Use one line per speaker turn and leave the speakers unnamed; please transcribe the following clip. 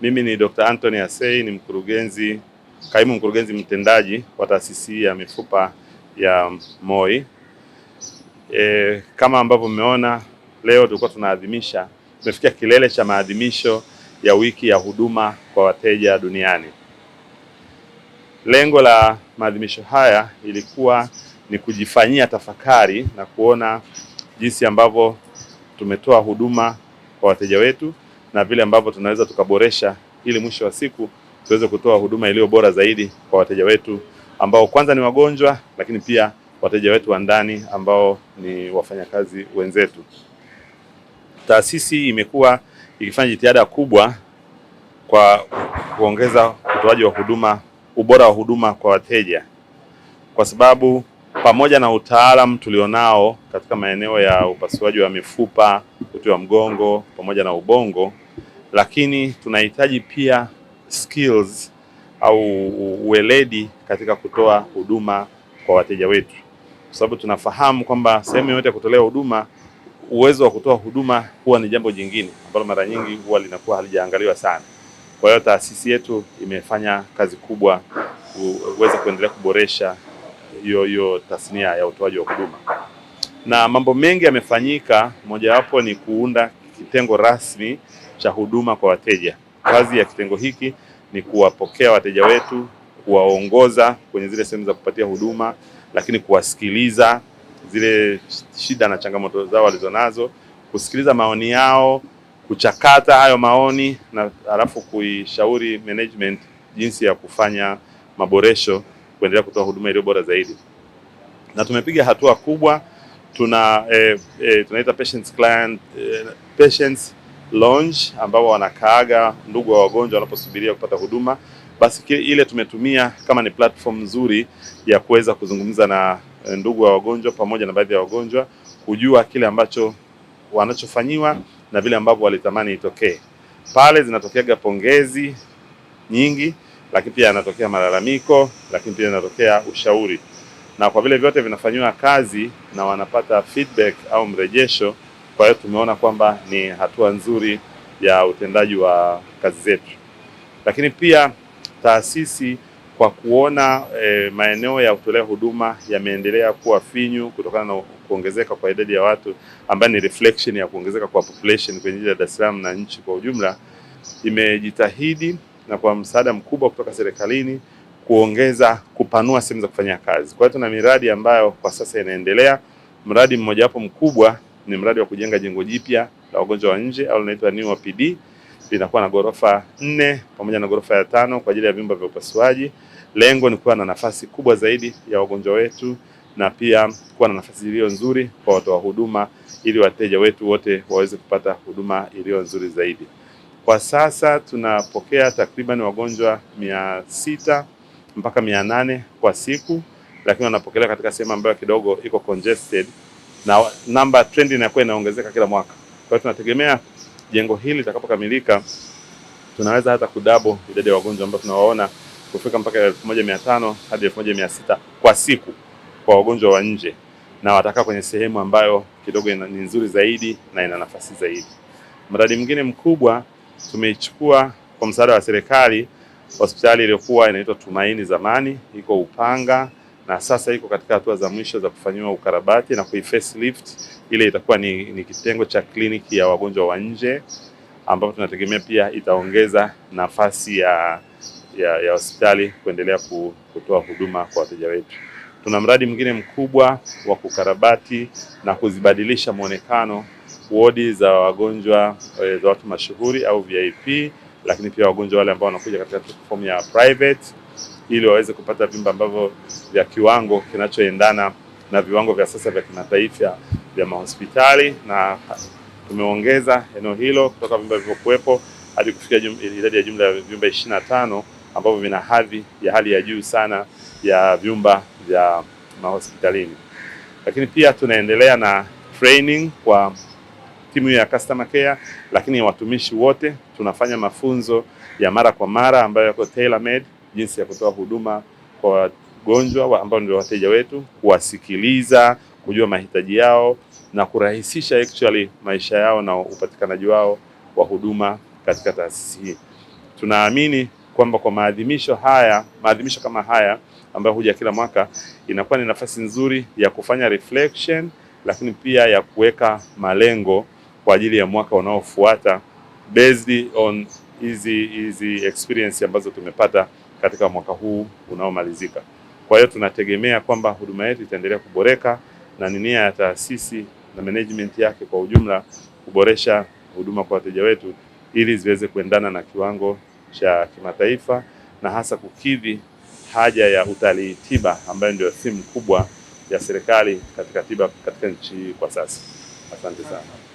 Mimi ni Dr. Anthony Asei, ni mkurugenzi kaimu mkurugenzi mtendaji wa taasisi ya mifupa ya MOI. E, kama ambavyo mmeona leo tulikuwa tunaadhimisha, tumefikia kilele cha maadhimisho ya wiki ya huduma kwa wateja duniani. Lengo la maadhimisho haya ilikuwa ni kujifanyia tafakari na kuona jinsi ambavyo tumetoa huduma kwa wateja wetu na vile ambavyo tunaweza tukaboresha ili mwisho wa siku tuweze kutoa huduma iliyo bora zaidi kwa wateja wetu ambao kwanza ni wagonjwa, lakini pia wateja wetu wa ndani ambao ni wafanyakazi wenzetu. Taasisi imekuwa ikifanya jitihada kubwa kwa kuongeza utoaji wa huduma, ubora wa huduma kwa wateja, kwa sababu pamoja na utaalamu tulionao katika maeneo ya upasuaji wa mifupa, uti wa mgongo pamoja na ubongo lakini tunahitaji pia skills au uweledi katika kutoa huduma kwa wateja wetu, kwa sababu tunafahamu kwamba sehemu yoyote ya kutolea huduma, uwezo wa kutoa huduma huwa ni jambo jingine ambalo mara nyingi huwa linakuwa halijaangaliwa sana. Kwa hiyo taasisi yetu imefanya kazi kubwa kuweza kuendelea kuboresha hiyo hiyo tasnia ya utoaji wa huduma, na mambo mengi yamefanyika. Mojawapo ni kuunda kitengo rasmi cha huduma kwa wateja. Kazi ya kitengo hiki ni kuwapokea wateja wetu, kuwaongoza kwenye zile sehemu za kupatia huduma, lakini kuwasikiliza zile shida na changamoto zao walizonazo, kusikiliza maoni yao, kuchakata hayo maoni na halafu kuishauri management jinsi ya kufanya maboresho, kuendelea kutoa huduma iliyo bora zaidi. Na tumepiga hatua kubwa, tuna eh, eh, tunaita patients client, eh, patients lounge ambao wanakaaga ndugu wa wagonjwa wanaposubiria kupata huduma, basi ile tumetumia kama ni platform nzuri ya kuweza kuzungumza na eh, ndugu wa wagonjwa pamoja na baadhi ya wagonjwa kujua kile ambacho wanachofanyiwa na vile ambavyo walitamani itokee. Pale zinatokeaga pongezi nyingi, lakini pia yanatokea malalamiko, lakini pia yanatokea ushauri, na kwa vile vyote vinafanyiwa kazi na wanapata feedback au mrejesho kwa hiyo tumeona kwamba ni hatua nzuri ya utendaji wa kazi zetu, lakini pia taasisi kwa kuona e, maeneo ya kutolea huduma yameendelea kuwa finyu kutokana na kuongezeka kwa idadi ya watu ambayo ni reflection ya kuongezeka kwa population kwenye jiji la Dar es Salaam na nchi kwa ujumla, imejitahidi na kwa msaada mkubwa kutoka serikalini kuongeza kupanua sehemu za kufanya kazi. Kwa hiyo tuna miradi ambayo kwa sasa inaendelea. Mradi mmojawapo mkubwa ni mradi wa kujenga jengo jipya la wagonjwa wa nje au linaitwa New OPD. Linakuwa na ghorofa nne pamoja na ghorofa ya tano kwa ajili ya vyumba vya upasuaji. Lengo ni kuwa na nafasi kubwa zaidi ya wagonjwa wetu na pia kuwa na nafasi iliyo nzuri kwa watoa huduma ili wateja wetu wote waweze kupata huduma iliyo nzuri zaidi. Kwa sasa tunapokea takriban wagonjwa mia sita mpaka mia nane kwa siku, lakini wanapokelewa katika sehemu ambayo kidogo iko congested na namba trendi inakuwa inaongezeka kila mwaka. Kwa hiyo tunategemea jengo hili litakapokamilika, tunaweza hata kudabo idadi ya wagonjwa ambao tunawaona kufika mpaka elfu moja mia tano hadi elfu moja mia sita kwa siku kwa wagonjwa wa nje, na watakaa kwenye sehemu ambayo kidogo ni nzuri zaidi na ina nafasi zaidi. Mradi mwingine mkubwa tumeichukua kwa msaada wa serikali, hospitali iliyokuwa inaitwa Tumaini zamani, iko Upanga na sasa iko katika hatua za mwisho za kufanyiwa ukarabati na kui facelift. Ile itakuwa ni, ni kitengo cha kliniki ya wagonjwa wa nje ambapo tunategemea pia itaongeza nafasi ya ya, ya hospitali kuendelea kutoa huduma kwa wateja wetu. Tuna mradi mwingine mkubwa wa kukarabati na kuzibadilisha mwonekano wodi za wagonjwa eh, za watu mashuhuri au VIP, lakini pia wagonjwa wale ambao wanakuja katika fomu ya private ili waweze kupata vimba ambavyo vya kiwango kinachoendana na viwango vya sasa vya kimataifa vya mahospitali, na tumeongeza eneo hilo kutoka vimba vilivyokuwepo hadi kufikia idadi ya jumla ya vyumba ishirini na tano ambavyo vina hadhi ya hali ya juu sana ya vyumba vya mahospitalini. Lakini pia tunaendelea na training kwa timu ya customer care, lakini watumishi wote tunafanya mafunzo ya mara kwa mara ambayo yako tailor made jinsi ya kutoa huduma kwa wagonjwa ambao ndio wateja wetu, kuwasikiliza, kujua mahitaji yao na kurahisisha actually maisha yao na upatikanaji wao wa huduma katika taasisi hii. Tunaamini kwamba kwa maadhimisho haya, maadhimisho kama haya ambayo huja kila mwaka, inakuwa ni nafasi nzuri ya kufanya reflection, lakini pia ya kuweka malengo kwa ajili ya mwaka unaofuata based on hizi hizi experience ambazo tumepata katika mwaka huu unaomalizika. Kwa hiyo tunategemea kwamba huduma yetu itaendelea kuboreka na ni nia ya taasisi na management yake kwa ujumla kuboresha huduma kwa wateja wetu ili ziweze kuendana na kiwango cha kimataifa na hasa kukidhi haja ya utalii tiba ambayo ndio theme kubwa ya serikali katika tiba katika nchi kwa sasa. Asante sana.